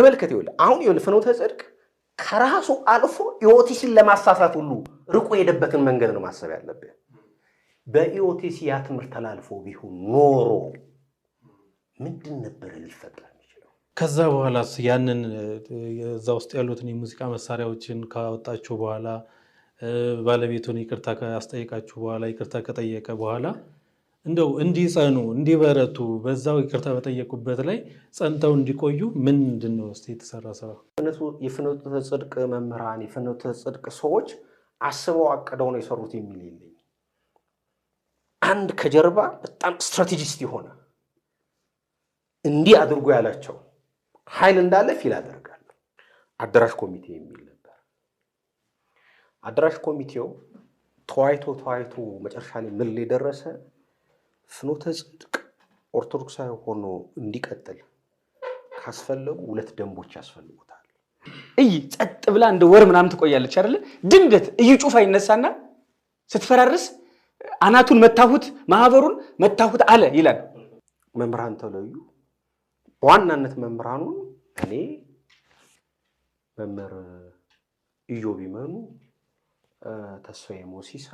ተመልከት ይውል አሁን የሆነ ፍኖተ ጽድቅ ከራሱ አልፎ ኢዮቴሲን ለማሳሳት ሁሉ ርቆ የሄደበትን መንገድ ነው ማሰብ ያለብን። በኢዮቴሲ ያ ትምህርት ተላልፎ ቢሆን ኖሮ ምንድን ነበር ሊፈጠር የሚችለው? ከዛ በኋላ ያንን እዛ ውስጥ ያሉትን የሙዚቃ መሳሪያዎችን ካወጣችሁ በኋላ ባለቤቱን ይቅርታ ካስጠየቃችሁ በኋላ ይቅርታ ከጠየቀ በኋላ እንደው እንዲጸኑ እንዲበረቱ በዛው ይቅርታ በጠየቁበት ላይ ጸንተው እንዲቆዩ ምንድን ነው ስ የተሰራ ስራ? የፍኖተ ጽድቅ መምህራን የፍኖተ ጽድቅ ሰዎች አስበው አቅደው ነው የሰሩት የሚል የለኝ። አንድ ከጀርባ በጣም ስትራቴጂስት የሆነ እንዲህ አድርጎ ያላቸው ኃይል እንዳለ ፊል አደርጋለሁ። አደራሽ ኮሚቴ የሚል ነበር። አደራሽ ኮሚቴው ተዋይቶ ተዋይቶ መጨረሻ ላይ ምን ላይ ደረሰ? ፍኖተ ጽድቅ ኦርቶዶክሳዊ ሆኖ እንዲቀጥል ካስፈለጉ ሁለት ደንቦች ያስፈልጉታል። እይ ጸጥ ብላ እንደ ወር ምናምን ትቆያለች አይደለ? ድንገት እዩ ጩፋ ይነሳና ስትፈራርስ አናቱን መታሁት፣ ማህበሩን መታሁት አለ ይላል። መምህራን ተለዩ። በዋናነት መምህራኑን እኔ መምህር ኢዮብ ይመኑ፣ ተስፋዬ ሞሲሳ፣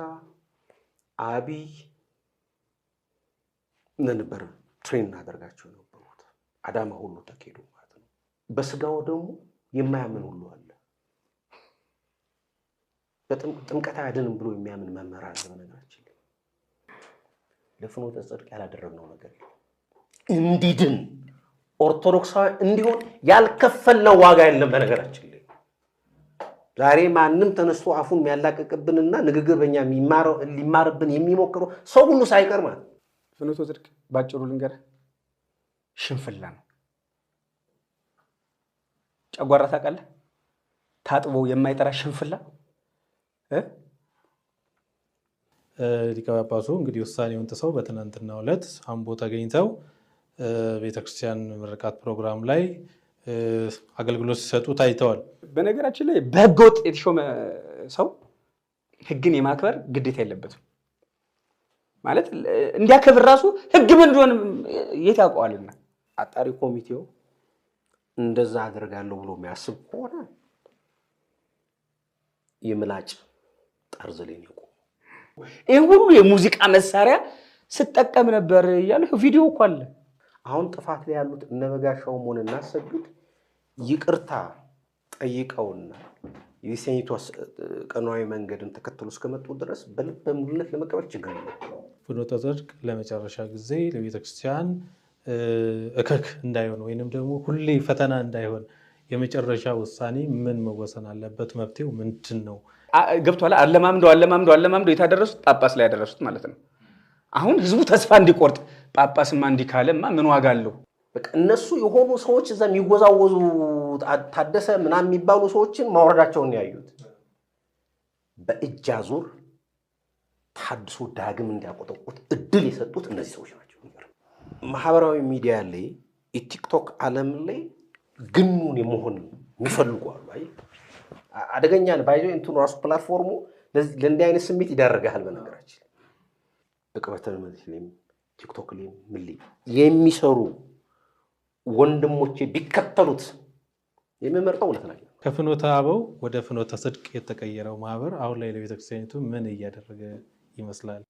አቢይ ነበር ትሬን እናደርጋቸው የነበሩት አዳማ ሁሉ ተካሄዱ ማለት ነው። በስጋው ደግሞ የማያምን ሁሉ አለ። ጥምቀት አያድንም ብሎ የሚያምን መምህር አለ። በነገራችን ላይ ለፍኖተ ጽድቅ ያላደረግነው ነገር እንዲድን ኦርቶዶክሳዊ እንዲሆን ያልከፈልነው ዋጋ የለም። በነገራችን ላይ ዛሬ ማንም ተነስቶ አፉን የሚያላቀቅብንና ንግግር በኛ ሊማርብን የሚሞክረው ሰው ሁሉ ሳይቀር ማለት ነው ፍኖተ ጽድቅ ባጭሩ ልንገረ ሽንፍላ ነው። ጨጓራ ታውቃለህ? ታጥቦ የማይጠራ ሽንፍላ። ሊቀ ጳጳሱ እንግዲህ ውሳኔውን ጥሰው በትናንትናው ዕለት አምቦ ተገኝተው ቤተክርስቲያን ምርቃት ፕሮግራም ላይ አገልግሎት ሲሰጡ ታይተዋል። በነገራችን ላይ በህገወጥ የተሾመ ሰው ህግን የማክበር ግዴታ የለበትም። ማለት እንዲያከብር ራሱ ህግ ምን እንደሆነ የት ያውቀዋልና አጣሪ ኮሚቴው እንደዛ አደርጋለሁ ብሎ የሚያስብ ከሆነ የምላጭ ጠርዝ ላይ ነው። ይህ ሁሉ የሙዚቃ መሳሪያ ስጠቀም ነበር እያለ ቪዲዮ እኮ አለ። አሁን ጥፋት ላይ ያሉት እነ በጋሻውም እናሰግድ ይቅርታ ጠይቀውና የሴኒቷ ቀኗዊ መንገድን ተከትሎ እስከመጡ ድረስ በልበ ሙሉነት ለመቀበል ችግር ነው። ፍኖተ ጽድቅ ለመጨረሻ ጊዜ ለቤተክርስቲያን እከክ እንዳይሆን ወይንም ደግሞ ሁሌ ፈተና እንዳይሆን የመጨረሻ ውሳኔ ምን መወሰን አለበት? መብቴው ምንድን ነው? ገብቷል። አለማምደው አለማምደው አለማምደው የታደረሱት ጳጳስ ላይ ያደረሱት ማለት ነው። አሁን ህዝቡ ተስፋ እንዲቆርጥ ጳጳስማ እንዲካለማ ካለማ ምን ዋጋ አለው? በቃ እነሱ የሆኑ ሰዎች እዛ የሚወዛወዙ ታደሰ ምናም የሚባሉ ሰዎችን ማውረዳቸውን ያዩት በእጃ ዙር ታድሶ ዳግም እንዲያቆጠቁት እድል የሰጡት እነዚህ ሰዎች ናቸው። ማህበራዊ ሚዲያ ላይ የቲክቶክ ዓለም ላይ ግኑን የመሆን የሚፈልጉ አሉ። አይ አደገኛ ባይዞ እንትኑ ራሱ ፕላትፎርሙ ለእንዲህ አይነት ስሜት ይዳረጋል። በነገራችን እቅበተ ቲክቶክ ላይ የሚሰሩ ወንድሞቼ ቢከተሉት የሚመርጠው እውነት ናቸው። ከፍኖተ አበው ወደ ፍኖተ ጽድቅ የተቀየረው ማህበር አሁን ላይ ለቤተክርስቲያኒቱ ምን እያደረገ ይመስላል?